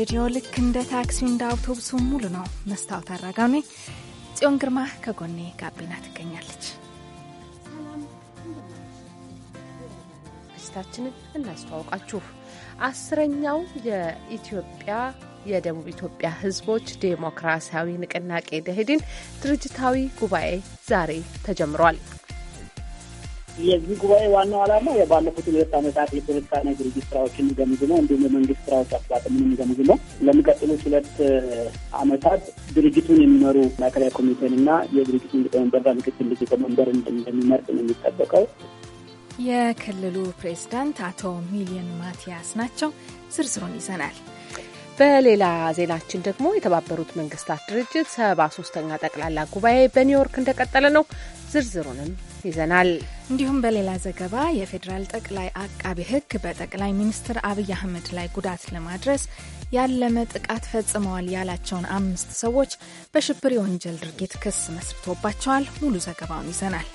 ሬዲዮ ልክ እንደ ታክሲው እንደ አውቶቡሱ ሙሉ ነው። መስታወት አራጋው ነኝ ጽዮን ግርማ ከጎኔ ጋቢና ትገኛለች። ስታችንን እናስተዋውቃችሁ። አስረኛው የኢትዮጵያ የደቡብ ኢትዮጵያ ሕዝቦች ዴሞክራሲያዊ ንቅናቄ ደኢህዴን ድርጅታዊ ጉባኤ ዛሬ ተጀምሯል። የዚህ ጉባኤ ዋናው ዓላማ የባለፉት ሁለት ዓመታት የፖለቲካና የድርጅት ስራዎችን የሚገምግመው እንዲሁም የመንግስት ስራዎች አፈጻጸምን የሚገምግመው ለሚቀጥሉት ሁለት ዓመታት ድርጅቱን የሚመሩ ማዕከላዊ ኮሚቴን እና የድርጅቱን ሊቀመንበርና ምክትል ሊቀመንበር እንደሚመርጥ ነው የሚጠበቀው። የክልሉ ፕሬዝዳንት አቶ ሚሊየን ማቲያስ ናቸው። ዝርዝሩን ይዘናል። በሌላ ዜናችን ደግሞ የተባበሩት መንግስታት ድርጅት ሰባ ሶስተኛ ጠቅላላ ጉባኤ በኒውዮርክ እንደቀጠለ ነው። ዝርዝሩንም ይዘናል። እንዲሁም በሌላ ዘገባ የፌዴራል ጠቅላይ አቃቢ ሕግ በጠቅላይ ሚኒስትር አብይ አህመድ ላይ ጉዳት ለማድረስ ያለመ ጥቃት ፈጽመዋል ያላቸውን አምስት ሰዎች በሽብር የወንጀል ድርጊት ክስ መስርቶባቸዋል። ሙሉ ዘገባውን ይዘናል።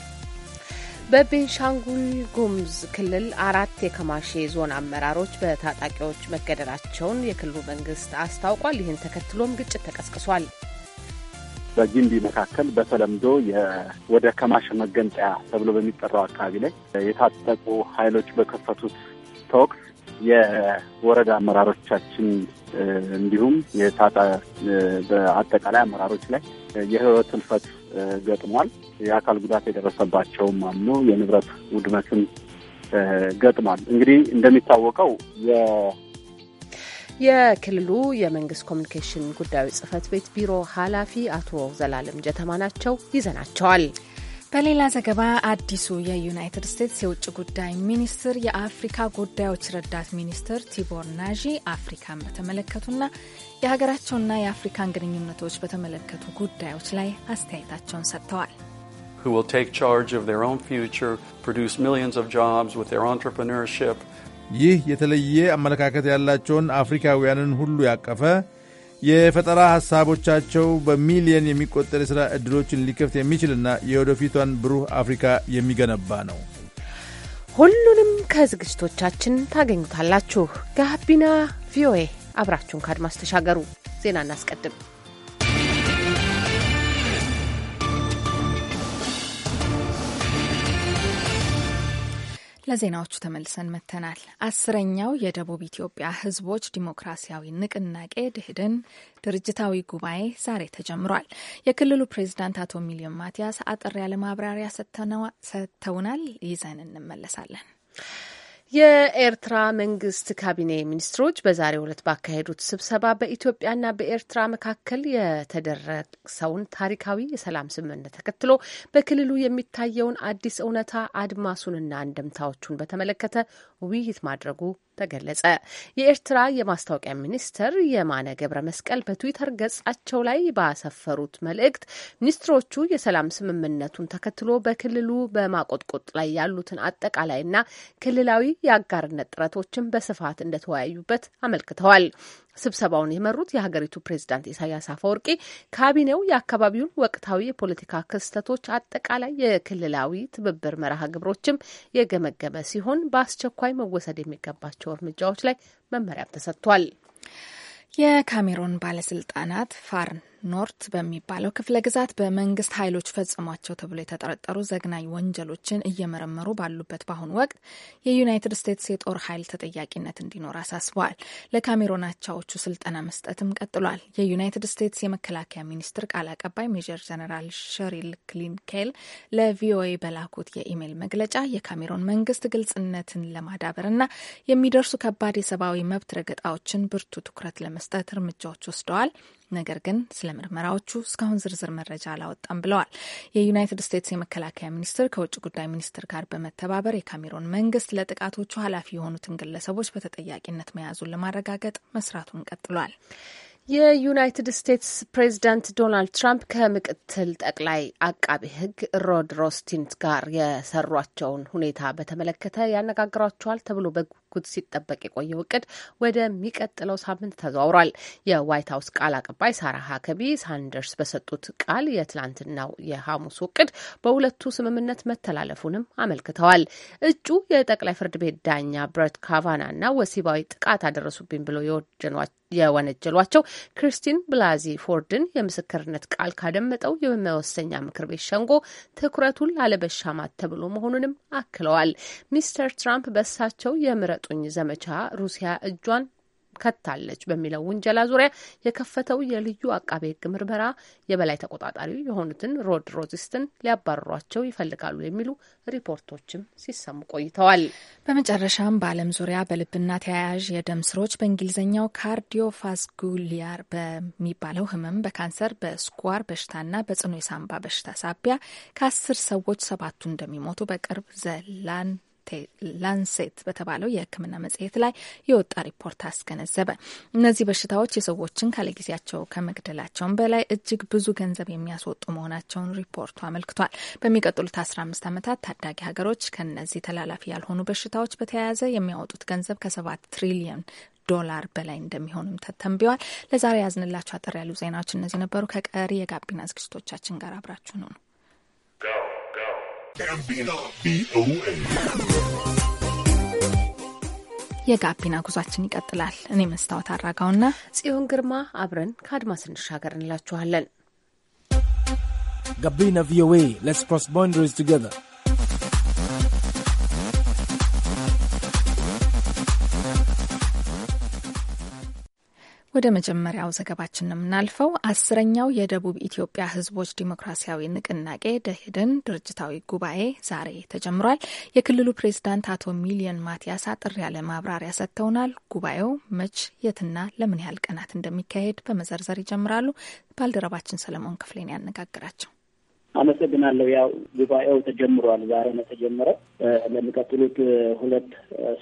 በቤንሻንጉል ጉሙዝ ክልል አራት የከማሼ ዞን አመራሮች በታጣቂዎች መገደላቸውን የክልሉ መንግስት አስታውቋል። ይህን ተከትሎም ግጭት ተቀስቅሷል። በጊምቢ መካከል በተለምዶ ወደ ከማሽ መገንጠያ ተብሎ በሚጠራው አካባቢ ላይ የታጠቁ ኃይሎች በከፈቱት ተኩስ የወረዳ አመራሮቻችን እንዲሁም በአጠቃላይ አመራሮች ላይ የህይወት እልፈት ገጥሟል። የአካል ጉዳት የደረሰባቸውም አሉ። የንብረት ውድመትም ገጥሟል። እንግዲህ እንደሚታወቀው የክልሉ የመንግስት ኮሚኒኬሽን ጉዳዮች ጽህፈት ቤት ቢሮ ኃላፊ አቶ ዘላለም ጀተማ ናቸው። ይዘናቸዋል። በሌላ ዘገባ አዲሱ የዩናይትድ ስቴትስ የውጭ ጉዳይ ሚኒስትር የአፍሪካ ጉዳዮች ረዳት ሚኒስትር ቲቦር ናዢ አፍሪካን በተመለከቱና የሀገራቸውና የአፍሪካን ግንኙነቶች በተመለከቱ ጉዳዮች ላይ አስተያየታቸውን ሰጥተዋል። who will take charge of their own future, produce millions of jobs with their entrepreneurship, ይህ የተለየ አመለካከት ያላቸውን አፍሪካውያንን ሁሉ ያቀፈ የፈጠራ ሐሳቦቻቸው በሚሊየን የሚቆጠር የሥራ ዕድሎችን ሊከፍት የሚችልና የወደፊቷን ብሩህ አፍሪካ የሚገነባ ነው። ሁሉንም ከዝግጅቶቻችን ታገኙታላችሁ። ጋቢና ቪኦኤ፣ አብራችሁን ከአድማስ ተሻገሩ። ዜና እናስቀድም። ለዜናዎቹ ተመልሰን መጥተናል። አስረኛው የደቡብ ኢትዮጵያ ሕዝቦች ዲሞክራሲያዊ ንቅናቄ ድህድን ድርጅታዊ ጉባኤ ዛሬ ተጀምሯል። የክልሉ ፕሬዚዳንት አቶ ሚሊዮን ማቲያስ አጠር ያለ ማብራሪያ ሰጥተውናል። ይዘን እንመለሳለን። የኤርትራ መንግስት ካቢኔ ሚኒስትሮች በዛሬው ዕለት ባካሄዱት ስብሰባ በኢትዮጵያና በኤርትራ መካከል የተደረሰውን ታሪካዊ የሰላም ስምምነት ተከትሎ በክልሉ የሚታየውን አዲስ እውነታ አድማሱንና አንደምታዎቹን በተመለከተ ውይይት ማድረጉ ተገለጸ። የኤርትራ የማስታወቂያ ሚኒስትር የማነ ገብረ መስቀል በትዊተር ገጻቸው ላይ ባሰፈሩት መልእክት ሚኒስትሮቹ የሰላም ስምምነቱን ተከትሎ በክልሉ በማቆጥቆጥ ላይ ያሉትን አጠቃላይና ክልላዊ የአጋርነት ጥረቶችን በስፋት እንደተወያዩበት አመልክተዋል። ስብሰባውን የመሩት የሀገሪቱ ፕሬዚዳንት ኢሳያስ አፈወርቂ ካቢኔው የአካባቢውን ወቅታዊ የፖለቲካ ክስተቶች አጠቃላይ የክልላዊ ትብብር መርሃ ግብሮችም የገመገመ ሲሆን በአስቸኳይ መወሰድ የሚገባቸው እርምጃዎች ላይ መመሪያም ተሰጥቷል። የካሜሮን ባለስልጣናት ፋርን ኖርት በሚባለው ክፍለ ግዛት በመንግስት ኃይሎች ፈጽሟቸው ተብሎ የተጠረጠሩ ዘግናኝ ወንጀሎችን እየመረመሩ ባሉበት በአሁኑ ወቅት የዩናይትድ ስቴትስ የጦር ኃይል ተጠያቂነት እንዲኖር አሳስበዋል። ለካሜሮን አቻዎቹ ስልጠና መስጠትም ቀጥሏል። የዩናይትድ ስቴትስ የመከላከያ ሚኒስትር ቃል አቀባይ ሜጀር ጀነራል ሸሪል ክሊንኬል ለቪኦኤ በላኩት የኢሜይል መግለጫ የካሜሮን መንግስት ግልጽነትን ለማዳበርና የሚደርሱ ከባድ የሰብአዊ መብት ረገጣዎችን ብርቱ ትኩረት ለመስጠት እርምጃዎች ወስደዋል። ነገር ግን ስለ ምርመራዎቹ እስካሁን ዝርዝር መረጃ አላወጣም ብለዋል። የዩናይትድ ስቴትስ የመከላከያ ሚኒስትር ከውጭ ጉዳይ ሚኒስትር ጋር በመተባበር የካሜሮን መንግስት ለጥቃቶቹ ኃላፊ የሆኑትን ግለሰቦች በተጠያቂነት መያዙን ለማረጋገጥ መስራቱን ቀጥሏል። የዩናይትድ ስቴትስ ፕሬዚዳንት ዶናልድ ትራምፕ ከምክትል ጠቅላይ አቃቢ ሕግ ሮድ ሮስቲንት ጋር የሰሯቸውን ሁኔታ በተመለከተ ያነጋግሯቸዋል ተብሎ በጉጉት ሲጠበቅ የቆየው እቅድ ወደሚቀጥለው ሳምንት ተዘዋውሯል። የዋይት ሀውስ ቃል አቀባይ ሳራ ሀከቢ ሳንደርስ በሰጡት ቃል የትላንትናው የሐሙስ እቅድ በሁለቱ ስምምነት መተላለፉንም አመልክተዋል። እጩ የጠቅላይ ፍርድ ቤት ዳኛ ብረት ካቫና እና ወሲባዊ ጥቃት አደረሱብኝ ብለው የወነጀሏቸው ክሪስቲን ብላዚ ፎርድን የምስክርነት ቃል ካደመጠው የመወሰኛ ምክር ቤት ሸንጎ ትኩረቱን ላለበሻማት ተብሎ መሆኑንም አክለዋል። ሚስተር ትራምፕ በሳቸው የምረጡ የምረጡኝ ዘመቻ ሩሲያ እጇን ከታለች በሚለው ውንጀላ ዙሪያ የከፈተው የልዩ አቃቤ ሕግ ምርመራ የበላይ ተቆጣጣሪ የሆኑትን ሮድ ሮዚስትን ሊያባርሯቸው ይፈልጋሉ የሚሉ ሪፖርቶችም ሲሰሙ ቆይተዋል። በመጨረሻም በዓለም ዙሪያ በልብና ተያያዥ የደም ስሮች በእንግሊዝኛው ካርዲዮቫስኩሊያር በሚባለው ህመም፣ በካንሰር፣ በስኳር በሽታና በጽኑ የሳምባ በሽታ ሳቢያ ከአስር ሰዎች ሰባቱ እንደሚሞቱ በቅርብ ዘላን ላንሴት በተባለው የሕክምና መጽሔት ላይ የወጣ ሪፖርት አስገነዘበ። እነዚህ በሽታዎች የሰዎችን ካለጊዜያቸው ከመግደላቸውን በላይ እጅግ ብዙ ገንዘብ የሚያስወጡ መሆናቸውን ሪፖርቱ አመልክቷል። በሚቀጥሉት አስራ አምስት ዓመታት ታዳጊ ሀገሮች ከነዚህ ተላላፊ ያልሆኑ በሽታዎች በተያያዘ የሚያወጡት ገንዘብ ከሰባት ትሪሊየን ዶላር በላይ እንደሚሆንም ተተንብዋል። ለዛሬ ያዝንላችሁ አጠር ያሉ ዜናዎች እነዚህ ነበሩ። ከቀሪ የጋቢና ዝግጅቶቻችን ጋር አብራችሁ ነው። ጋቢና ቪኦኤ የጋቢና ጉዟችን ይቀጥላል። እኔ መስታወት አራጋውና ጽዮን ግርማ አብረን ከአድማስ እንሻገር እንላችኋለን። ጋቢና ቪኦኤ ሌትስ ክሮስ ባውንደሪስ ቱጌዘር ወደ መጀመሪያው ዘገባችን የምናልፈው አስረኛው የደቡብ ኢትዮጵያ ህዝቦች ዲሞክራሲያዊ ንቅናቄ ደኢህዴን ድርጅታዊ ጉባኤ ዛሬ ተጀምሯል። የክልሉ ፕሬዚዳንት አቶ ሚሊየን ማቲያስ አጥር ያለ ማብራሪያ ሰጥተውናል። ጉባኤው መች፣ የትና ለምን ያህል ቀናት እንደሚካሄድ በመዘርዘር ይጀምራሉ። ባልደረባችን ሰለሞን ክፍሌን ያነጋግራቸው አመሰግናለሁ። ያው ጉባኤው ተጀምሯል። ዛሬ ነው ተጀመረው። ለሚቀጥሉት ሁለት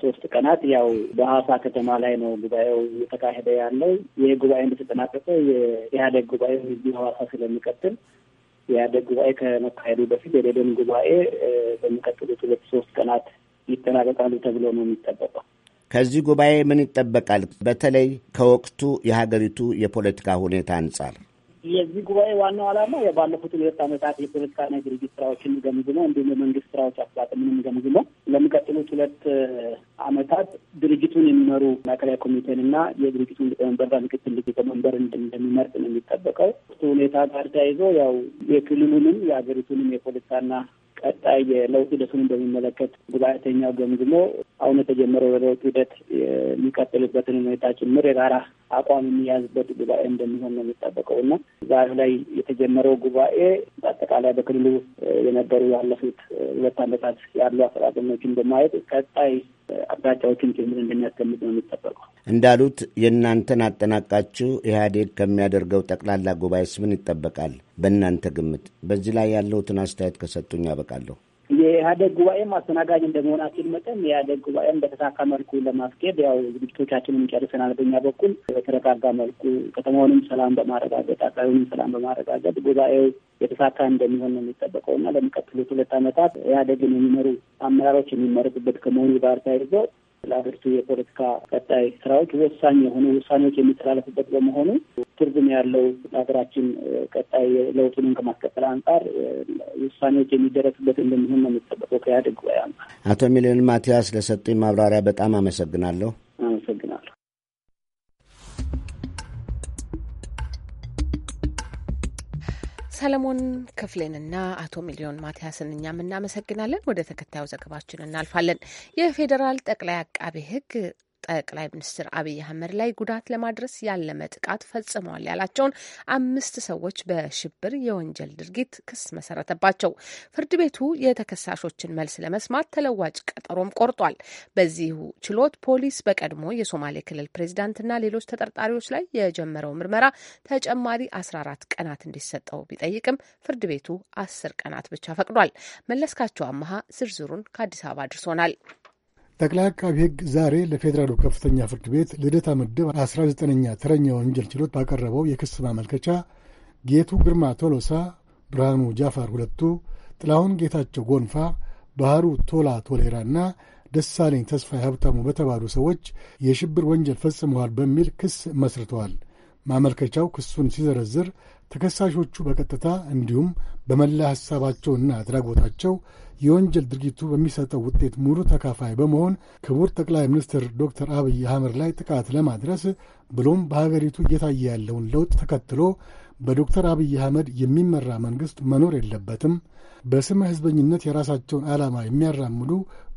ሶስት ቀናት ያው በሀዋሳ ከተማ ላይ ነው ጉባኤው እየተካሄደ ያለው። ይህ ጉባኤ እንደተጠናቀቀ የኢህአዴግ ጉባኤ እዚህ ሀዋሳ ስለሚቀጥል የኢህአዴግ ጉባኤ ከመካሄዱ በፊት የሌለን ጉባኤ በሚቀጥሉት ሁለት ሶስት ቀናት ይጠናቀቃሉ ተብሎ ነው የሚጠበቀው። ከዚህ ጉባኤ ምን ይጠበቃል? በተለይ ከወቅቱ የሀገሪቱ የፖለቲካ ሁኔታ አንጻር የዚህ ጉባኤ ዋናው ዓላማ የባለፉት ሁለት ዓመታት የፖለቲካና የድርጅት ስራዎችን ገምግሞ እንዲሁም የመንግስት ስራዎች አፈጻጸምን ገምግሞ ለሚቀጥሉት ሁለት አመታት ድርጅቱን የሚመሩ ማዕከላዊ ኮሚቴን እና የድርጅቱን ሊቀመንበርና ምክትል ሊቀመንበር እንደሚመርጥ ነው የሚጠበቀው። ሁኔታ ጋር ተያይዞ ያው የክልሉንም የሀገሪቱንም የፖለቲካና ቀጣይ የለውጥ ሂደቱን በሚመለከት ጉባኤተኛው ገምግሞ አሁን የተጀመረው የለውጥ ሂደት የሚቀጥልበትን ሁኔታ ጭምር የጋራ አቋም የሚያዝበት ጉባኤ እንደሚሆን ነው የሚጠበቀው እና ዛሬ ላይ የተጀመረው ጉባኤ በአጠቃላይ በክልሉ የነበሩ ያለፉት ሁለት አመታት ያሉ አፈጻጸሞችን በማየት ቀጣይ አቅጣጫዎችን ጭምር እንድናስቀምጥ ነው የሚጠበቀው። እንዳሉት የእናንተን አጠናቃችሁ ኢህአዴግ ከሚያደርገው ጠቅላላ ጉባኤስ ምን ይጠበቃል? በእናንተ ግምት በዚህ ላይ ያለሁትን አስተያየት ከሰጡኝ ያበቃለሁ። የኢህአደግ ጉባኤም አስተናጋጅ እንደመሆናችን መጠን የኢህአደግ ጉባኤም በተሳካ መልኩ ለማስኬድ ያው ዝግጅቶቻችንን ጨርሰናል። በኛ በኩል በተረጋጋ መልኩ ከተማውንም ሰላም በማረጋገጥ አካባቢውንም ሰላም በማረጋገጥ ጉባኤው የተሳካ እንደሚሆን ነው የሚጠበቀው እና ለሚቀጥሉት ሁለት ዓመታት ኢህአዴግን የሚመሩ አመራሮች የሚመረጡበት ከመሆኑ ጋር ተያይዞ ለሀገሪቱ የፖለቲካ ቀጣይ ስራዎች ወሳኝ የሆኑ ውሳኔዎች የሚተላለፉበት በመሆኑ ትርጉም ያለው ለሀገራችን ቀጣይ ለውጡን ከማስቀጠል አንጻር ውሳኔዎች የሚደረስበት እንደሚሆን ነው የሚጠበቀው ከኢህአዴግ ጉባኤ አንጻር። አቶ ሚሊዮን ማቲያስ ለሰጡኝ ማብራሪያ በጣም አመሰግናለሁ። ሰለሞን ክፍሌንና አቶ ሚሊዮን ማቲያስን እኛም እናመሰግናለን። ወደ ተከታዩ ዘገባችን እናልፋለን። የፌዴራል ጠቅላይ አቃቤ ሕግ ጠቅላይ ሚኒስትር አብይ አህመድ ላይ ጉዳት ለማድረስ ያለመ ጥቃት ፈጽመዋል ያላቸውን አምስት ሰዎች በሽብር የወንጀል ድርጊት ክስ መሰረተባቸው። ፍርድ ቤቱ የተከሳሾችን መልስ ለመስማት ተለዋጭ ቀጠሮም ቆርጧል። በዚሁ ችሎት ፖሊስ በቀድሞ የሶማሌ ክልል ፕሬዚዳንትና ሌሎች ተጠርጣሪዎች ላይ የጀመረው ምርመራ ተጨማሪ 14 ቀናት እንዲሰጠው ቢጠይቅም ፍርድ ቤቱ አስር ቀናት ብቻ ፈቅዷል። መለስካቸው አመሃ ዝርዝሩን ከአዲስ አበባ አድርሶናል። ጠቅላይ አቃቢ ሕግ ዛሬ ለፌዴራሉ ከፍተኛ ፍርድ ቤት ልደታ ምድብ 19ኛ ተረኛ ወንጀል ችሎት ባቀረበው የክስ ማመልከቻ ጌቱ ግርማ ቶሎሳ፣ ብርሃኑ ጃፋር ሁለቱ፣ ጥላሁን ጌታቸው ጎንፋ፣ ባህሩ ቶላ ቶሌራና ደሳለኝ ተስፋ ሀብታሙ በተባሉ ሰዎች የሽብር ወንጀል ፈጽመዋል በሚል ክስ መስርተዋል። ማመልከቻው ክሱን ሲዘረዝር ተከሳሾቹ በቀጥታ እንዲሁም በመላ ሐሳባቸውና አድራጎታቸው የወንጀል ድርጊቱ በሚሰጠው ውጤት ሙሉ ተካፋይ በመሆን ክቡር ጠቅላይ ሚኒስትር ዶክተር አብይ አህመድ ላይ ጥቃት ለማድረስ ብሎም በሀገሪቱ እየታየ ያለውን ለውጥ ተከትሎ በዶክተር አብይ አህመድ የሚመራ መንግሥት መኖር የለበትም፣ በስመ ሕዝበኝነት የራሳቸውን ዓላማ የሚያራምዱ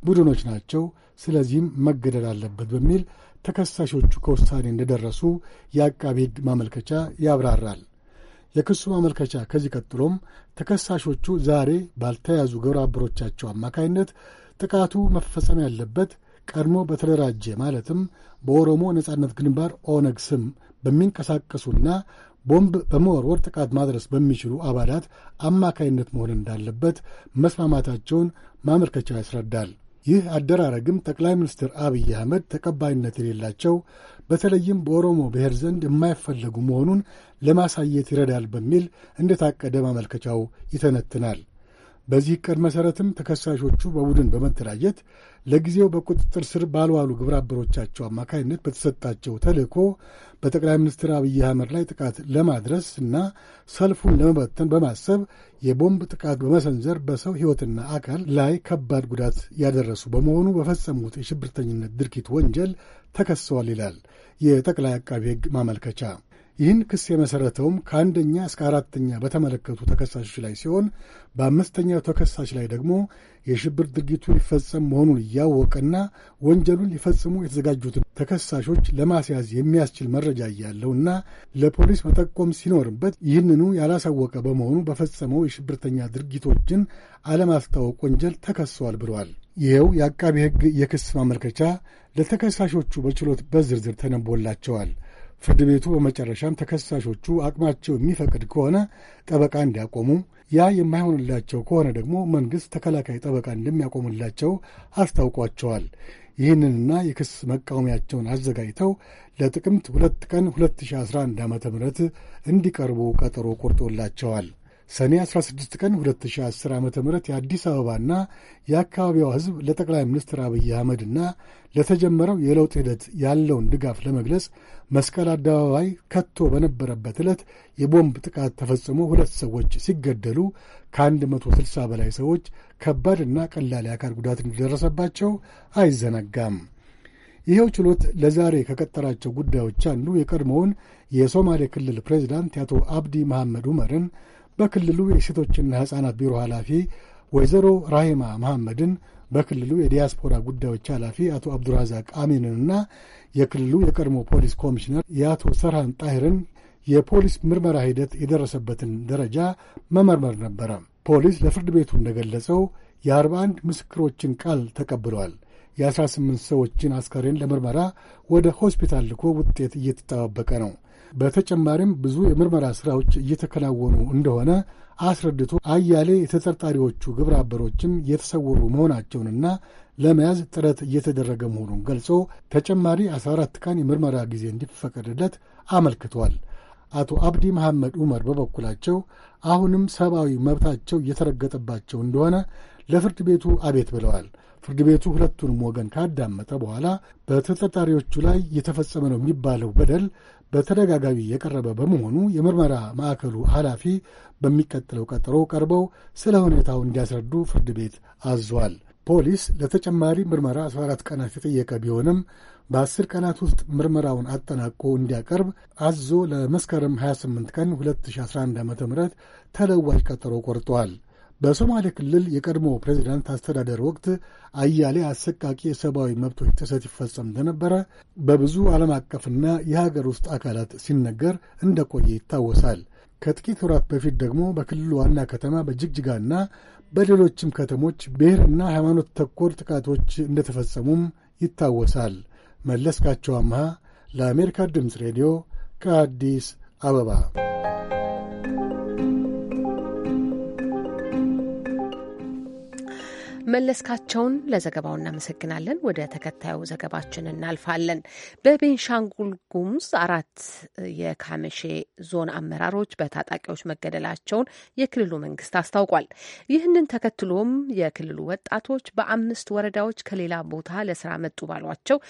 ቡድኖች ናቸው፣ ስለዚህም መገደል አለበት በሚል ተከሳሾቹ ከውሳኔ እንደደረሱ የአቃቢ ሕግ ማመልከቻ ያብራራል። የክሱ ማመልከቻ ከዚህ ቀጥሎም ተከሳሾቹ ዛሬ ባልተያዙ ግብረ አበሮቻቸው አማካይነት ጥቃቱ መፈጸም ያለበት ቀድሞ በተደራጀ ማለትም በኦሮሞ ነጻነት ግንባር ኦነግ ስም በሚንቀሳቀሱና ቦምብ በመወርወር ጥቃት ማድረስ በሚችሉ አባላት አማካይነት መሆን እንዳለበት መስማማታቸውን ማመልከቻው ያስረዳል። ይህ አደራረግም ጠቅላይ ሚኒስትር አብይ አህመድ ተቀባይነት የሌላቸው በተለይም በኦሮሞ ብሔር ዘንድ የማይፈለጉ መሆኑን ለማሳየት ይረዳል በሚል እንደታቀደ ማመልከቻው ይተነትናል። በዚህ ዕቅድ መሠረትም ተከሳሾቹ በቡድን በመተለያየት ለጊዜው በቁጥጥር ስር ባልዋሉ ግብረ አበሮቻቸው አማካኝነት በተሰጣቸው ተልእኮ በጠቅላይ ሚኒስትር አብይ አህመድ ላይ ጥቃት ለማድረስ እና ሰልፉን ለመበተን በማሰብ የቦምብ ጥቃት በመሰንዘር በሰው ሕይወትና አካል ላይ ከባድ ጉዳት ያደረሱ በመሆኑ በፈጸሙት የሽብርተኝነት ድርጊት ወንጀል ተከሰዋል ይላል የጠቅላይ አቃቢ ሕግ ማመልከቻ። ይህን ክስ የመሠረተውም ከአንደኛ እስከ አራተኛ በተመለከቱ ተከሳሾች ላይ ሲሆን በአምስተኛው ተከሳሽ ላይ ደግሞ የሽብር ድርጊቱ ሊፈጸም መሆኑን እያወቀና ወንጀሉን ሊፈጽሙ የተዘጋጁትን ተከሳሾች ለማስያዝ የሚያስችል መረጃ እያለውና ለፖሊስ መጠቆም ሲኖርበት ይህንኑ ያላሳወቀ በመሆኑ በፈጸመው የሽብርተኛ ድርጊቶችን አለማስታወቅ ወንጀል ተከሷል ብለዋል። ይኸው የአቃቢ ሕግ የክስ ማመልከቻ ለተከሳሾቹ በችሎት በዝርዝር ተነቦላቸዋል። ፍርድ ቤቱ በመጨረሻም ተከሳሾቹ አቅማቸው የሚፈቅድ ከሆነ ጠበቃ እንዲያቆሙ፣ ያ የማይሆንላቸው ከሆነ ደግሞ መንግሥት ተከላካይ ጠበቃ እንደሚያቆምላቸው አስታውቋቸዋል። ይህንንና የክስ መቃወሚያቸውን አዘጋጅተው ለጥቅምት ሁለት ቀን 2011 ዓ ም እንዲቀርቡ ቀጠሮ ቆርጦላቸዋል። ሰኔ 16 ቀን 2010 ዓ ም የአዲስ አበባና የአካባቢዋ ሕዝብ ለጠቅላይ ሚኒስትር አብይ አህመድና ለተጀመረው የለውጥ ሂደት ያለውን ድጋፍ ለመግለጽ መስቀል አደባባይ ከቶ በነበረበት ዕለት የቦምብ ጥቃት ተፈጽሞ ሁለት ሰዎች ሲገደሉ ከ160 በላይ ሰዎች ከባድና ቀላል የአካል ጉዳት እንደደረሰባቸው አይዘነጋም። ይኸው ችሎት ለዛሬ ከቀጠራቸው ጉዳዮች አንዱ የቀድሞውን የሶማሌ ክልል ፕሬዚዳንት የአቶ አብዲ መሐመድ ዑመርን በክልሉ የሴቶችና ሕፃናት ቢሮ ኃላፊ ወይዘሮ ራሂማ መሐመድን በክልሉ የዲያስፖራ ጉዳዮች ኃላፊ አቶ አብዱራዛቅ አሚንንና የክልሉ የቀድሞ ፖሊስ ኮሚሽነር የአቶ ሰርሃን ጣሂርን የፖሊስ ምርመራ ሂደት የደረሰበትን ደረጃ መመርመር ነበረ። ፖሊስ ለፍርድ ቤቱ እንደገለጸው የ41 ምስክሮችን ቃል ተቀብለዋል። የ18 ሰዎችን አስከሬን ለምርመራ ወደ ሆስፒታል ልኮ ውጤት እየተጠባበቀ ነው። በተጨማሪም ብዙ የምርመራ ስራዎች እየተከናወኑ እንደሆነ አስረድቶ አያሌ የተጠርጣሪዎቹ ግብረ አበሮችም የተሰወሩ መሆናቸውንና ለመያዝ ጥረት እየተደረገ መሆኑን ገልጾ ተጨማሪ 14 ቀን የምርመራ ጊዜ እንዲፈቀድለት አመልክቷል። አቶ አብዲ መሐመድ ዑመር በበኩላቸው አሁንም ሰብአዊ መብታቸው እየተረገጠባቸው እንደሆነ ለፍርድ ቤቱ አቤት ብለዋል። ፍርድ ቤቱ ሁለቱንም ወገን ካዳመጠ በኋላ በተጠርጣሪዎቹ ላይ የተፈጸመ ነው የሚባለው በደል በተደጋጋሚ የቀረበ በመሆኑ የምርመራ ማዕከሉ ኃላፊ በሚቀጥለው ቀጠሮ ቀርበው ስለ ሁኔታው እንዲያስረዱ ፍርድ ቤት አዟል። ፖሊስ ለተጨማሪ ምርመራ 14 ቀናት የጠየቀ ቢሆንም በ ቀናት ውስጥ ምርመራውን አጠናቆ እንዲያቀርብ አዞ ለመስከረም 28 ቀን 2011 ዓ ም ተለዋጅ ቀጠሮ ቆርጧል። በሶማሌ ክልል የቀድሞ ፕሬዚዳንት አስተዳደር ወቅት አያሌ አሰቃቂ የሰብአዊ መብቶች ጥሰት ይፈጸም እንደነበረ በብዙ ዓለም አቀፍና የሀገር ውስጥ አካላት ሲነገር እንደቆየ ይታወሳል። ከጥቂት ወራት በፊት ደግሞ በክልሉ ዋና ከተማ በጅግጅጋና በሌሎችም ከተሞች ብሔርና ሃይማኖት ተኮር ጥቃቶች እንደተፈጸሙም ይታወሳል። መለስካቸው አምሃ ለአሜሪካ ድምፅ ሬዲዮ ከአዲስ አበባ መለስካቸውን ለዘገባው እናመሰግናለን። ወደ ተከታዩ ዘገባችን እናልፋለን። በቤንሻንጉል ጉሙዝ አራት የካመሼ ዞን አመራሮች በታጣቂዎች መገደላቸውን የክልሉ መንግስት አስታውቋል። ይህንን ተከትሎም የክልሉ ወጣቶች በአምስት ወረዳዎች ከሌላ ቦታ ለስራ መጡ ባሏቸው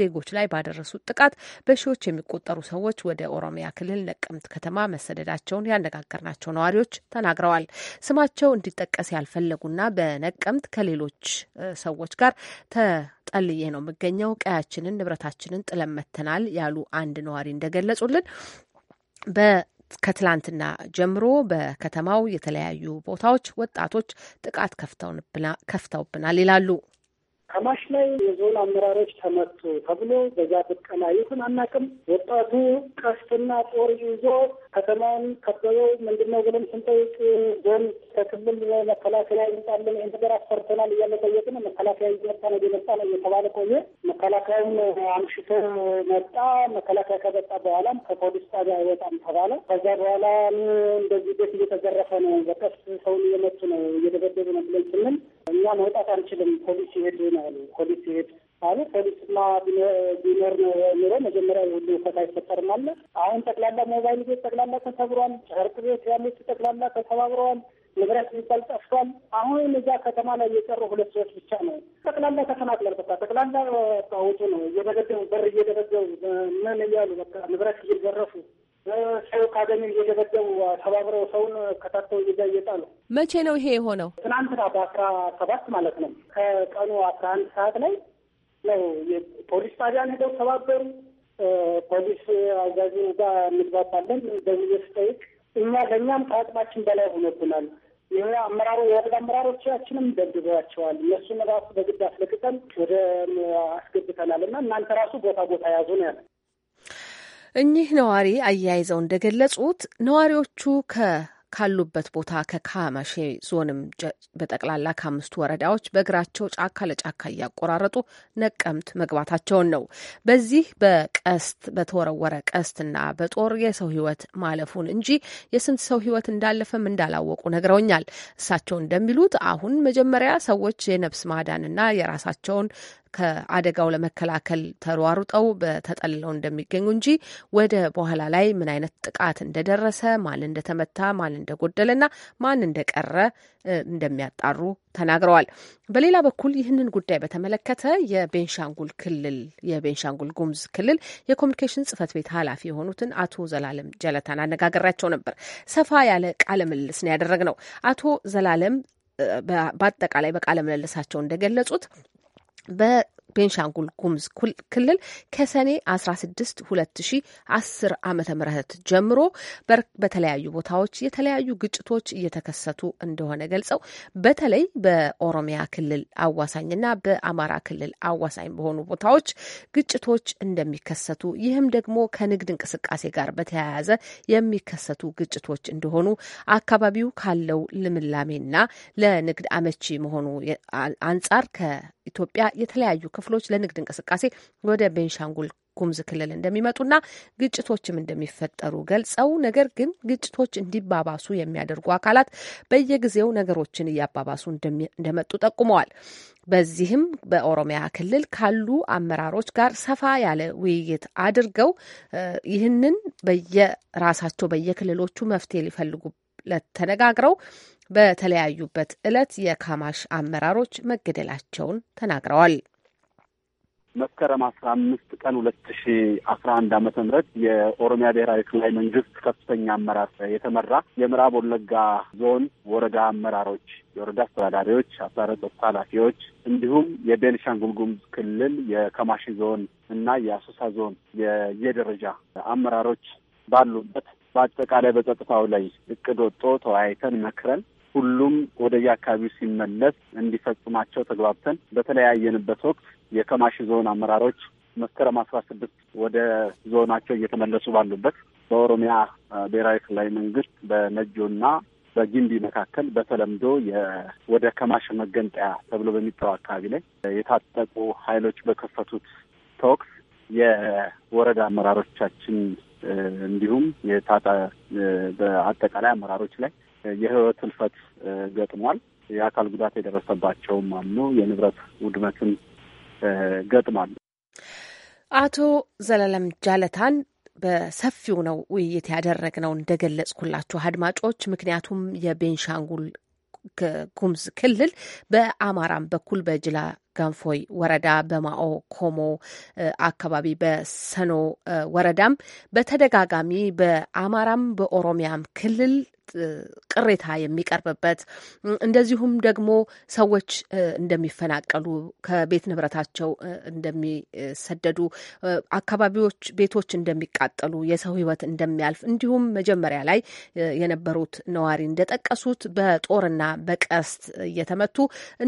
ዜጎች ላይ ባደረሱት ጥቃት በሺዎች የሚቆጠሩ ሰዎች ወደ ኦሮሚያ ክልል ነቀምት ከተማ መሰደዳቸውን ያነጋገርናቸው ነዋሪዎች ተናግረዋል። ስማቸው እንዲጠቀስ ያልፈለጉና በነቀም ክረምት ከሌሎች ሰዎች ጋር ተጠልዬ ነው የምገኘው። ቀያችንን፣ ንብረታችንን ጥለን መጥተናል ያሉ አንድ ነዋሪ እንደገለጹልን በ ከትላንትና ጀምሮ በከተማው የተለያዩ ቦታዎች ወጣቶች ጥቃት ከፍተውብናል ይላሉ። ከማሽ ላይ የዞን አመራሮች ተመቱ ተብሎ በዛ ብቀላ ይሁን አናውቅም። ወጣቱ ቀስትና ጦር ይዞ ከተማውን ከበበው ምንድን ነው ብለን ስንጠይቅ ዞን ከክልል መከላከያ ይመጣለን ይህ ነገር አስፈርተናል እያለ ጠየቅን። መከላከያ እየመጣ ነው እየመጣ ነው እየተባለ ቆየ። መከላከያም አምሽቶ መጣ። መከላከያ ከመጣ በኋላም ከፖሊስ ጣቢያ አይወጣም ተባለ። ከዛ በኋላ እንደዚህ ቤት እየተዘረፈ ነው፣ በቀስ ሰውን እየመቱ ነው፣ እየደበደቡ ነው ብለን ስንል እኛ መውጣት አንችልም፣ ፖሊስ ይሄድ ነው ያሉ። ፖሊስ ይሄድ አሉ ፖሊስማ ቢኖር ኑሮ መጀመሪያ ሁሉ ፈታ አይፈጠርም አለ። አሁን ጠቅላላ ሞባይል ቤት ጠቅላላ ተሰብሯል። ጨርቅ ቤት ያሉት ጠቅላላ ተሰባብረዋል። ንብረት ሚባል ጠፍቷል። አሁን እዛ ከተማ ላይ የቀሩ ሁለት ሰዎች ብቻ ነው። ጠቅላላ ተፈናቅሏል። በቃ ጠቅላላ ውጡ ነው እየደበደቡ በር እየደበደቡ ምን እያሉ በቃ ንብረት እየዘረፉ ሰው ካገኙ እየደበደቡ ተባብረው ሰውን ከታተው እዛ እየጣሉ። መቼ ነው ይሄ የሆነው? ትናንትና በአስራ ሰባት ማለት ነው ከቀኑ አስራ አንድ ሰዓት ላይ ነው። የፖሊስ ጣቢያን ሄደው ተባበሩ። ፖሊስ አዛዥ ጋር እንግባባለን በሚል ስጠይቅ እኛ ለእኛም ከአቅማችን በላይ ሆኖብናል። ይህ አመራሩ የወረዳ አመራሮቻችንም ደብድበዋቸዋል። እነሱን ራሱ በግድ አስለቅቀን ወደ አስገብተናል እና እናንተ ራሱ ቦታ ቦታ ያዙ ነው ያለ። እኚህ ነዋሪ አያይዘው እንደገለጹት ነዋሪዎቹ ከ ካሉበት ቦታ ከካማሼ ዞንም በጠቅላላ ከአምስቱ ወረዳዎች በእግራቸው ጫካ ለጫካ እያቆራረጡ ነቀምት መግባታቸውን ነው። በዚህ በቀስት በተወረወረ ቀስትና በጦር የሰው ህይወት ማለፉን እንጂ የስንት ሰው ህይወት እንዳለፈም እንዳላወቁ ነግረውኛል። እሳቸው እንደሚሉት አሁን መጀመሪያ ሰዎች የነፍስ ማዳንና የራሳቸውን ከአደጋው ለመከላከል ተሯሩጠው በተጠልለው እንደሚገኙ እንጂ ወደ በኋላ ላይ ምን አይነት ጥቃት እንደደረሰ፣ ማን እንደተመታ፣ ማን እንደጎደለና ማን እንደቀረ እንደሚያጣሩ ተናግረዋል። በሌላ በኩል ይህንን ጉዳይ በተመለከተ የቤንሻንጉል ክልል የቤንሻንጉል ጉሙዝ ክልል የኮሚኒኬሽን ጽህፈት ቤት ኃላፊ የሆኑትን አቶ ዘላለም ጀለታን አነጋገራቸው ነበር። ሰፋ ያለ ቃለ ምልልስ ነው ያደረግነው። አቶ ዘላለም በአጠቃላይ በቃለ ምልልሳቸው እንደገለጹት but ቤንሻንጉል ጉሙዝ ክልል ከሰኔ 16 2010 ዓ ም ጀምሮ በተለያዩ ቦታዎች የተለያዩ ግጭቶች እየተከሰቱ እንደሆነ ገልጸው በተለይ በኦሮሚያ ክልል አዋሳኝና በአማራ ክልል አዋሳኝ በሆኑ ቦታዎች ግጭቶች እንደሚከሰቱ ይህም ደግሞ ከንግድ እንቅስቃሴ ጋር በተያያዘ የሚከሰቱ ግጭቶች እንደሆኑ አካባቢው ካለው ልምላሜና ለንግድ አመቺ መሆኑ አንጻር ከኢትዮጵያ የተለያዩ ክፍ ክፍሎች ለንግድ እንቅስቃሴ ወደ ቤንሻንጉል ጉሙዝ ክልል እንደሚመጡና ግጭቶችም እንደሚፈጠሩ ገልጸው ነገር ግን ግጭቶች እንዲባባሱ የሚያደርጉ አካላት በየጊዜው ነገሮችን እያባባሱ እንደመጡ ጠቁመዋል። በዚህም በኦሮሚያ ክልል ካሉ አመራሮች ጋር ሰፋ ያለ ውይይት አድርገው ይህንን በየራሳቸው በየክልሎቹ መፍትሄ ሊፈልጉለት ተነጋግረው በተለያዩበት ዕለት የካማሽ አመራሮች መገደላቸውን ተናግረዋል። መስከረም አስራ አምስት ቀን ሁለት ሺ አስራ አንድ አመተ ምህረት የኦሮሚያ ብሔራዊ ክልላዊ መንግስት ከፍተኛ አመራር የተመራ የምዕራብ ወለጋ ዞን ወረዳ አመራሮች፣ የወረዳ አስተዳዳሪዎች፣ አስራ ጸጥታ ኃላፊዎች እንዲሁም የቤኒሻንጉል ጉሙዝ ክልል የከማሺ ዞን እና የአሶሳ ዞን የየደረጃ አመራሮች ባሉበት በአጠቃላይ በጸጥታው ላይ እቅድ ወጥቶ ተወያይተን መክረን ሁሉም ወደ የአካባቢው ሲመለስ እንዲፈጽማቸው ተግባብተን በተለያየንበት ወቅት የከማሽ ዞን አመራሮች መስከረም አስራ ስድስት ወደ ዞናቸው እየተመለሱ ባሉበት በኦሮሚያ ብሔራዊ ክልላዊ መንግስት በነጆና በጊንቢ መካከል በተለምዶ ወደ ከማሽ መገንጠያ ተብሎ በሚጠራው አካባቢ ላይ የታጠቁ ኃይሎች በከፈቱት ተኩስ የወረዳ አመራሮቻችን እንዲሁም የታጣ በአጠቃላይ አመራሮች ላይ የህይወት ህልፈት ገጥሟል። የአካል ጉዳት የደረሰባቸውም አሉ። የንብረት ውድመትን ገጥሟል። አቶ ዘለለም ጃለታን በሰፊው ነው ውይይት ያደረግነው እንደገለጽኩላችሁ አድማጮች። ምክንያቱም የቤንሻንጉል ጉሙዝ ክልል በአማራም በኩል በጅላ ጋንፎይ ወረዳ በማኦ ኮሞ አካባቢ በሰኖ ወረዳም በተደጋጋሚ በአማራም በኦሮሚያም ክልል ቅሬታ የሚቀርብበት እንደዚሁም ደግሞ ሰዎች እንደሚፈናቀሉ ከቤት ንብረታቸው እንደሚሰደዱ አካባቢዎች ቤቶች እንደሚቃጠሉ የሰው ህይወት እንደሚያልፍ እንዲሁም መጀመሪያ ላይ የነበሩት ነዋሪ እንደጠቀሱት በጦርና በቀስት እየተመቱ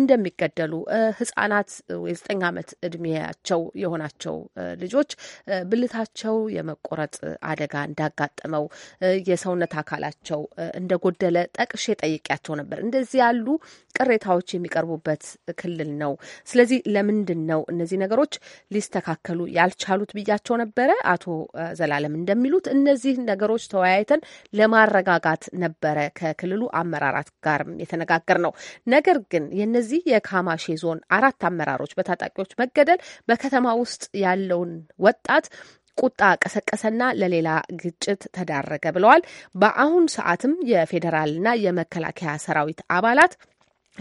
እንደሚገደሉ ህጻናት የዘጠኝ ዓመት እድሜያቸው የሆናቸው ልጆች ብልታቸው የመቆረጥ አደጋ እንዳጋጠመው የሰውነት አካላቸው እንደጎደለ ጠቅሼ ጠይቂያቸው ነበር። እንደዚህ ያሉ ቅሬታዎች የሚቀርቡበት ክልል ነው። ስለዚህ ለምንድን ነው እነዚህ ነገሮች ሊስተካከሉ ያልቻሉት ብያቸው ነበረ። አቶ ዘላለም እንደሚሉት እነዚህ ነገሮች ተወያይተን ለማረጋጋት ነበረ ከክልሉ አመራራት ጋርም የተነጋገር ነው። ነገር ግን የነዚህ የካማሼ ዞን አራት አመራሮች በታጣቂዎች መገደል በከተማ ውስጥ ያለውን ወጣት ቁጣ ቀሰቀሰና ለሌላ ግጭት ተዳረገ ብለዋል። በአሁን ሰዓትም የፌዴራልና የመከላከያ ሰራዊት አባላት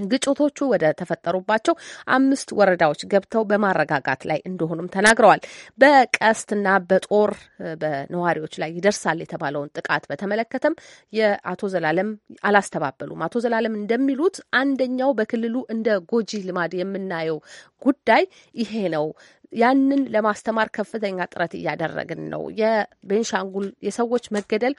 ግጭቶቹ ወደ ተፈጠሩባቸው አምስት ወረዳዎች ገብተው በማረጋጋት ላይ እንደሆኑም ተናግረዋል። በቀስትና በጦር በነዋሪዎች ላይ ይደርሳል የተባለውን ጥቃት በተመለከተም የአቶ ዘላለም አላስተባበሉም። አቶ ዘላለም እንደሚሉት አንደኛው በክልሉ እንደ ጎጂ ልማድ የምናየው ጉዳይ ይሄ ነው። ያንን ለማስተማር ከፍተኛ ጥረት እያደረግን ነው። የቤንሻንጉል የሰዎች መገደል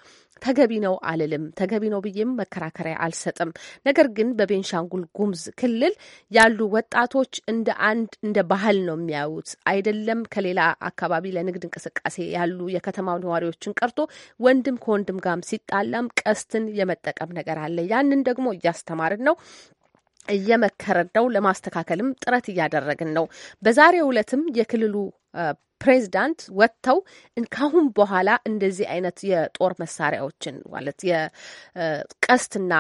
ተገቢ ነው አልልም፣ ተገቢ ነው ብዬም መከራከሪያ አልሰጥም። ነገር ግን በቤንሻንጉል ጉሙዝ ክልል ያሉ ወጣቶች እንደ አንድ እንደ ባህል ነው የሚያዩት። አይደለም ከሌላ አካባቢ ለንግድ እንቅስቃሴ ያሉ የከተማው ነዋሪዎችን ቀርቶ ወንድም ከወንድም ጋርም ሲጣላም ቀስትን የመጠቀም ነገር አለ። ያንን ደግሞ እያስተማርን ነው። እየመከረን ለማስተካከልም ጥረት እያደረግን ነው። በዛሬው ዕለትም የክልሉ ፕሬዚዳንት ወጥተው ካሁን በኋላ እንደዚህ አይነት የጦር መሳሪያዎችን ማለት የቀስትና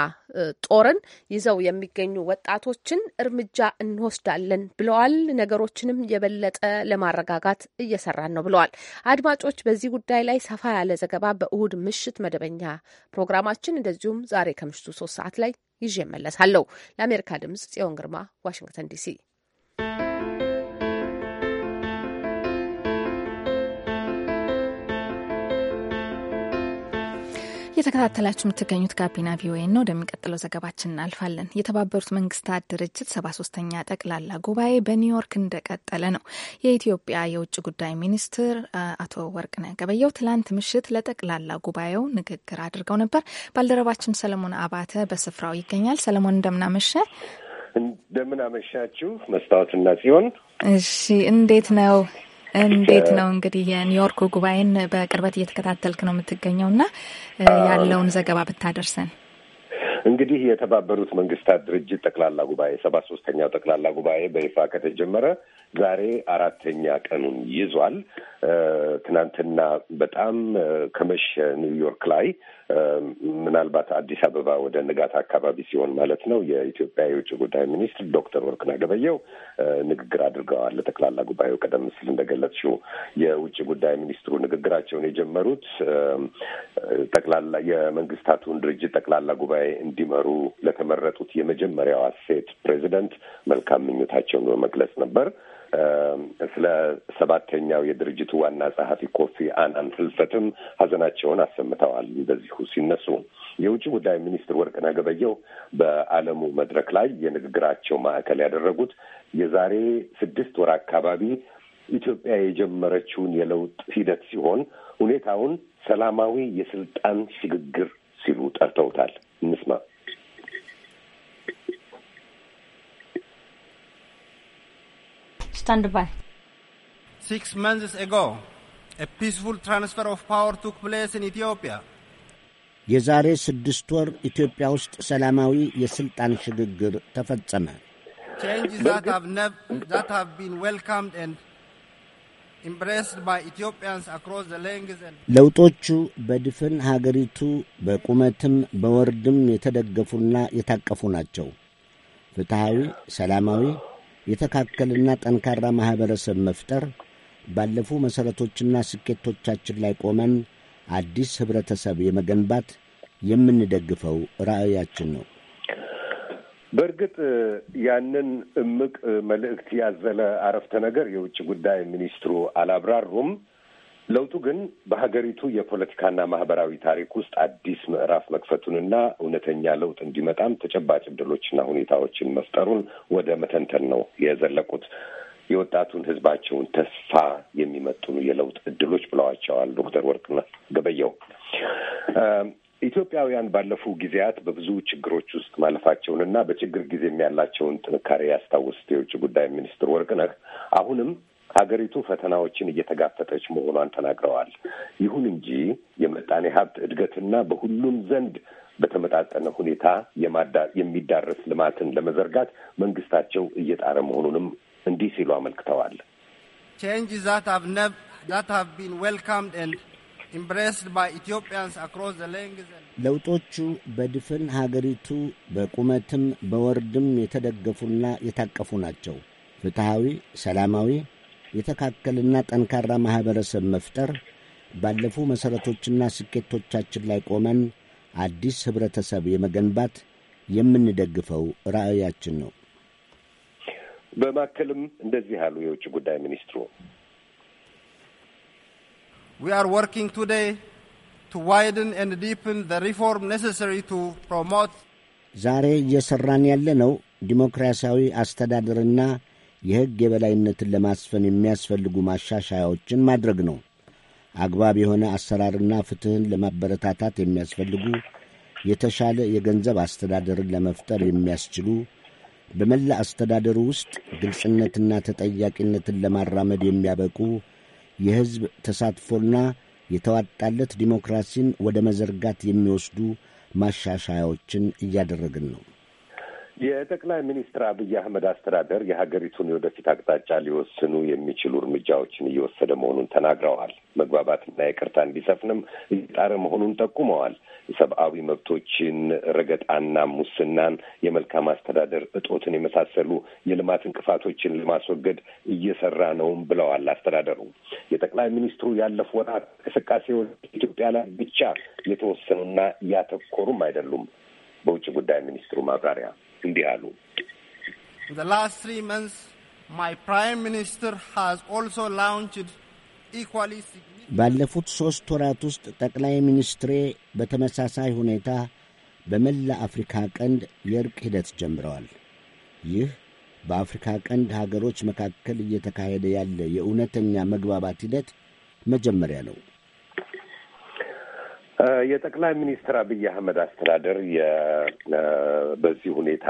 ጦርን ይዘው የሚገኙ ወጣቶችን እርምጃ እንወስዳለን ብለዋል። ነገሮችንም የበለጠ ለማረጋጋት እየሰራን ነው ብለዋል። አድማጮች፣ በዚህ ጉዳይ ላይ ሰፋ ያለ ዘገባ በእሁድ ምሽት መደበኛ ፕሮግራማችን እንደዚሁም ዛሬ ከምሽቱ ሶስት ሰዓት ላይ ይዤ እመለሳለሁ። ለአሜሪካ ድምጽ ጽዮን ግርማ ዋሽንግተን ዲሲ እየተከታተላችሁ የምትገኙት ጋቢና ቪኦኤ ነው። ወደሚቀጥለው ዘገባችን እናልፋለን። የተባበሩት መንግስታት ድርጅት ሰባ ሶስተኛ ጠቅላላ ጉባኤ በኒውዮርክ እንደቀጠለ ነው። የኢትዮጵያ የውጭ ጉዳይ ሚኒስትር አቶ ወርቅነህ ገበየሁ ትላንት ምሽት ለጠቅላላ ጉባኤው ንግግር አድርገው ነበር። ባልደረባችን ሰለሞን አባተ በስፍራው ይገኛል። ሰለሞን እንደምናመሸ እንደምናመሻችሁ መስታወትና ጽዮን። እሺ እንዴት ነው? እንዴት ነው እንግዲህ የኒውዮርኩ ጉባኤን በቅርበት እየተከታተልክ ነው የምትገኘው እና ያለውን ዘገባ ብታደርሰን። እንግዲህ የተባበሩት መንግስታት ድርጅት ጠቅላላ ጉባኤ ሰባ ሶስተኛው ጠቅላላ ጉባኤ በይፋ ከተጀመረ ዛሬ አራተኛ ቀኑን ይዟል። ትናንትና በጣም ከመሸ ኒውዮርክ ላይ ምናልባት አዲስ አበባ ወደ ንጋት አካባቢ ሲሆን ማለት ነው የኢትዮጵያ የውጭ ጉዳይ ሚኒስትር ዶክተር ወርቅነህ ገበየሁ ንግግር አድርገዋል። ለጠቅላላ ጉባኤው ቀደም ሲል እንደገለጽሽው የውጭ ጉዳይ ሚኒስትሩ ንግግራቸውን የጀመሩት ጠቅላላ የመንግስታቱን ድርጅት ጠቅላላ ጉባኤ እንዲመሩ ለተመረጡት የመጀመሪያዋ ሴት ፕሬዚደንት መልካም ምኞታቸውን በመግለጽ ነበር። ስለ ሰባተኛው የድርጅቱ ዋና ጸሐፊ ኮፊ አናን ህልፈትም ሀዘናቸውን አሰምተዋል። በዚሁ ሲነሱ የውጭ ጉዳይ ሚኒስትር ወርቅነህ ገበየሁ በዓለሙ መድረክ ላይ የንግግራቸው ማዕከል ያደረጉት የዛሬ ስድስት ወር አካባቢ ኢትዮጵያ የጀመረችውን የለውጥ ሂደት ሲሆን ሁኔታውን ሰላማዊ የስልጣን ሽግግር ሲሉ ጠርተውታል። نسمع Stand by. Six months ago, a peaceful transfer of power took place in Ethiopia. የዛሬ ስድስት ወር ኢትዮጵያ ውስጥ ሰላማዊ የሥልጣን ሽግግር ተፈጸመ። Changes that have, never that have been welcomed and ለውጦቹ በድፍን ሀገሪቱ በቁመትም በወርድም የተደገፉና የታቀፉ ናቸው። ፍትሐዊ፣ ሰላማዊ፣ የተካከልና ጠንካራ ማኅበረሰብ መፍጠር ባለፉ መሠረቶችና ስኬቶቻችን ላይ ቆመን አዲስ ኅብረተሰብ የመገንባት የምንደግፈው ራዕያችን ነው። በእርግጥ ያንን እምቅ መልእክት ያዘለ አረፍተ ነገር የውጭ ጉዳይ ሚኒስትሩ አላብራሩም። ለውጡ ግን በሀገሪቱ የፖለቲካና ማህበራዊ ታሪክ ውስጥ አዲስ ምዕራፍ መክፈቱንና እውነተኛ ለውጥ እንዲመጣም ተጨባጭ እድሎችና ሁኔታዎችን መፍጠሩን ወደ መተንተን ነው የዘለቁት። የወጣቱን ህዝባቸውን ተስፋ የሚመጥኑ የለውጥ እድሎች ብለዋቸዋል ዶክተር ወርቅነህ ገበየው። ኢትዮጵያውያን ባለፉ ጊዜያት በብዙ ችግሮች ውስጥ ማለፋቸውንና በችግር ጊዜም ያላቸውን ጥንካሬ ያስታወሱት የውጭ ጉዳይ ሚኒስትር ወርቅነህ አሁንም ሀገሪቱ ፈተናዎችን እየተጋፈጠች መሆኗን ተናግረዋል። ይሁን እንጂ የመጣኔ ሀብት እድገትና በሁሉም ዘንድ በተመጣጠነ ሁኔታ የሚዳረስ ልማትን ለመዘርጋት መንግስታቸው እየጣረ መሆኑንም እንዲህ ሲሉ አመልክተዋል። ቼንጅ ዛት ሀቭ ቢን ዌልካምድ ኤንድ ለውጦቹ በድፍን ሀገሪቱ በቁመትም በወርድም የተደገፉና የታቀፉ ናቸው። ፍትሐዊ፣ ሰላማዊ፣ የተካከልና ጠንካራ ማኅበረሰብ መፍጠር ባለፉ መሠረቶችና ስኬቶቻችን ላይ ቆመን አዲስ ኅብረተሰብ የመገንባት የምንደግፈው ራዕያችን ነው። በማከልም እንደዚህ አሉ የውጭ ጉዳይ ሚኒስትሩ we are working today to widen and deepen the reform necessary to promote ዛሬ እየሰራን ያለነው ዲሞክራሲያዊ አስተዳደርና የሕግ የበላይነትን ለማስፈን የሚያስፈልጉ ማሻሻያዎችን ማድረግ ነው። አግባብ የሆነ አሰራርና ፍትሕን ለማበረታታት የሚያስፈልጉ የተሻለ የገንዘብ አስተዳደርን ለመፍጠር የሚያስችሉ በመላ አስተዳደሩ ውስጥ ግልጽነትና ተጠያቂነትን ለማራመድ የሚያበቁ የሕዝብ ተሳትፎና የተዋጣለት ዲሞክራሲን ወደ መዘርጋት የሚወስዱ ማሻሻያዎችን እያደረግን ነው። የጠቅላይ ሚኒስትር አብይ አህመድ አስተዳደር የሀገሪቱን የወደፊት አቅጣጫ ሊወስኑ የሚችሉ እርምጃዎችን እየወሰደ መሆኑን ተናግረዋል። መግባባትና ይቅርታ እንዲሰፍንም እየጣረ መሆኑን ጠቁመዋል። የሰብአዊ መብቶችን ረገጣና ሙስናን፣ የመልካም አስተዳደር እጦትን የመሳሰሉ የልማት እንቅፋቶችን ለማስወገድ እየሰራ ነውም ብለዋል። አስተዳደሩ የጠቅላይ ሚኒስትሩ ያለፉ ወራት እንቅስቃሴዎች ኢትዮጵያ ላይ ብቻ የተወሰኑና ያተኮሩም አይደሉም። በውጭ ጉዳይ ሚኒስትሩ ማብራሪያ እንዲህ አሉ። the last three months my prime minister has also launched equally ባለፉት ሦስት ወራት ውስጥ ጠቅላይ ሚኒስትሬ በተመሳሳይ ሁኔታ በመላ አፍሪካ ቀንድ የእርቅ ሂደት ጀምረዋል። ይህ በአፍሪካ ቀንድ ሀገሮች መካከል እየተካሄደ ያለ የእውነተኛ መግባባት ሂደት መጀመሪያ ነው። የጠቅላይ ሚኒስትር አብይ አህመድ አስተዳደር በዚህ ሁኔታ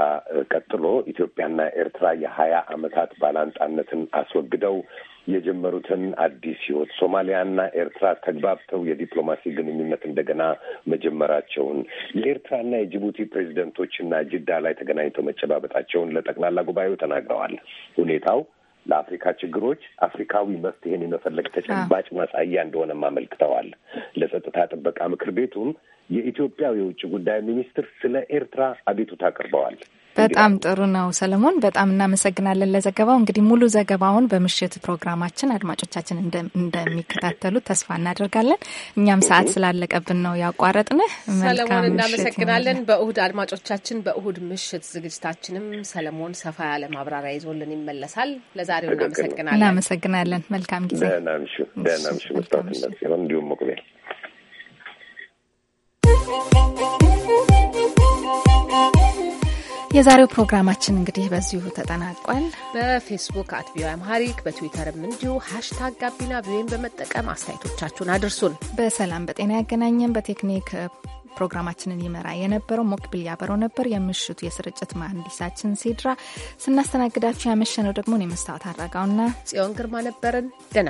ቀጥሎ ኢትዮጵያና ኤርትራ የሀያ አመታት ባላንጣነትን አስወግደው የጀመሩትን አዲስ ህይወት ሶማሊያና ኤርትራ ተግባብተው የዲፕሎማሲ ግንኙነት እንደገና መጀመራቸውን የኤርትራና የጅቡቲ ፕሬዚደንቶችና ጅዳ ላይ ተገናኝተው መጨባበጣቸውን ለጠቅላላ ጉባኤው ተናግረዋል። ሁኔታው ለአፍሪካ ችግሮች አፍሪካዊ መፍትሄን የመፈለግ ተጨባጭ ማሳያ እንደሆነም አመልክተዋል። ለጸጥታ ጥበቃ ምክር ቤቱም የኢትዮጵያ የውጭ ጉዳይ ሚኒስትር ስለ ኤርትራ አቤቱታ አቅርበዋል። በጣም ጥሩ ነው ሰለሞን፣ በጣም እናመሰግናለን ለዘገባው። እንግዲህ ሙሉ ዘገባውን በምሽት ፕሮግራማችን አድማጮቻችን እንደሚከታተሉ ተስፋ እናደርጋለን። እኛም ሰዓት ስላለቀብን ነው ያቋረጥንህ። ሰለሞን እናመሰግናለን። በእሁድ አድማጮቻችን፣ በእሁድ ምሽት ዝግጅታችንም ሰለሞን ሰፋ ያለ ማብራሪያ ይዞልን ይመለሳል። ለዛሬው እናመሰግናለን። እናመሰግናለን። መልካም ጊዜ። እንዲሁም Thank you. የዛሬው ፕሮግራማችን እንግዲህ በዚሁ ተጠናቋል። በፌስቡክ አት ቪኦኤ አምሃሪክ በትዊተርም እንዲሁ ሀሽታግ ጋቢና ቪኦኤን በመጠቀም አስተያየቶቻችሁን አድርሱን። በሰላም በጤና ያገናኘን። በቴክኒክ ፕሮግራማችንን ይመራ የነበረው ሞክቢል ያበረው ነበር። የምሽቱ የስርጭት መሀንዲሳችን ሲድራ፣ ስናስተናግዳችሁ ያመሸነው ደግሞ እኔ መስታወት አድረጋውና ጽዮን ግርማ ነበርን። ደህና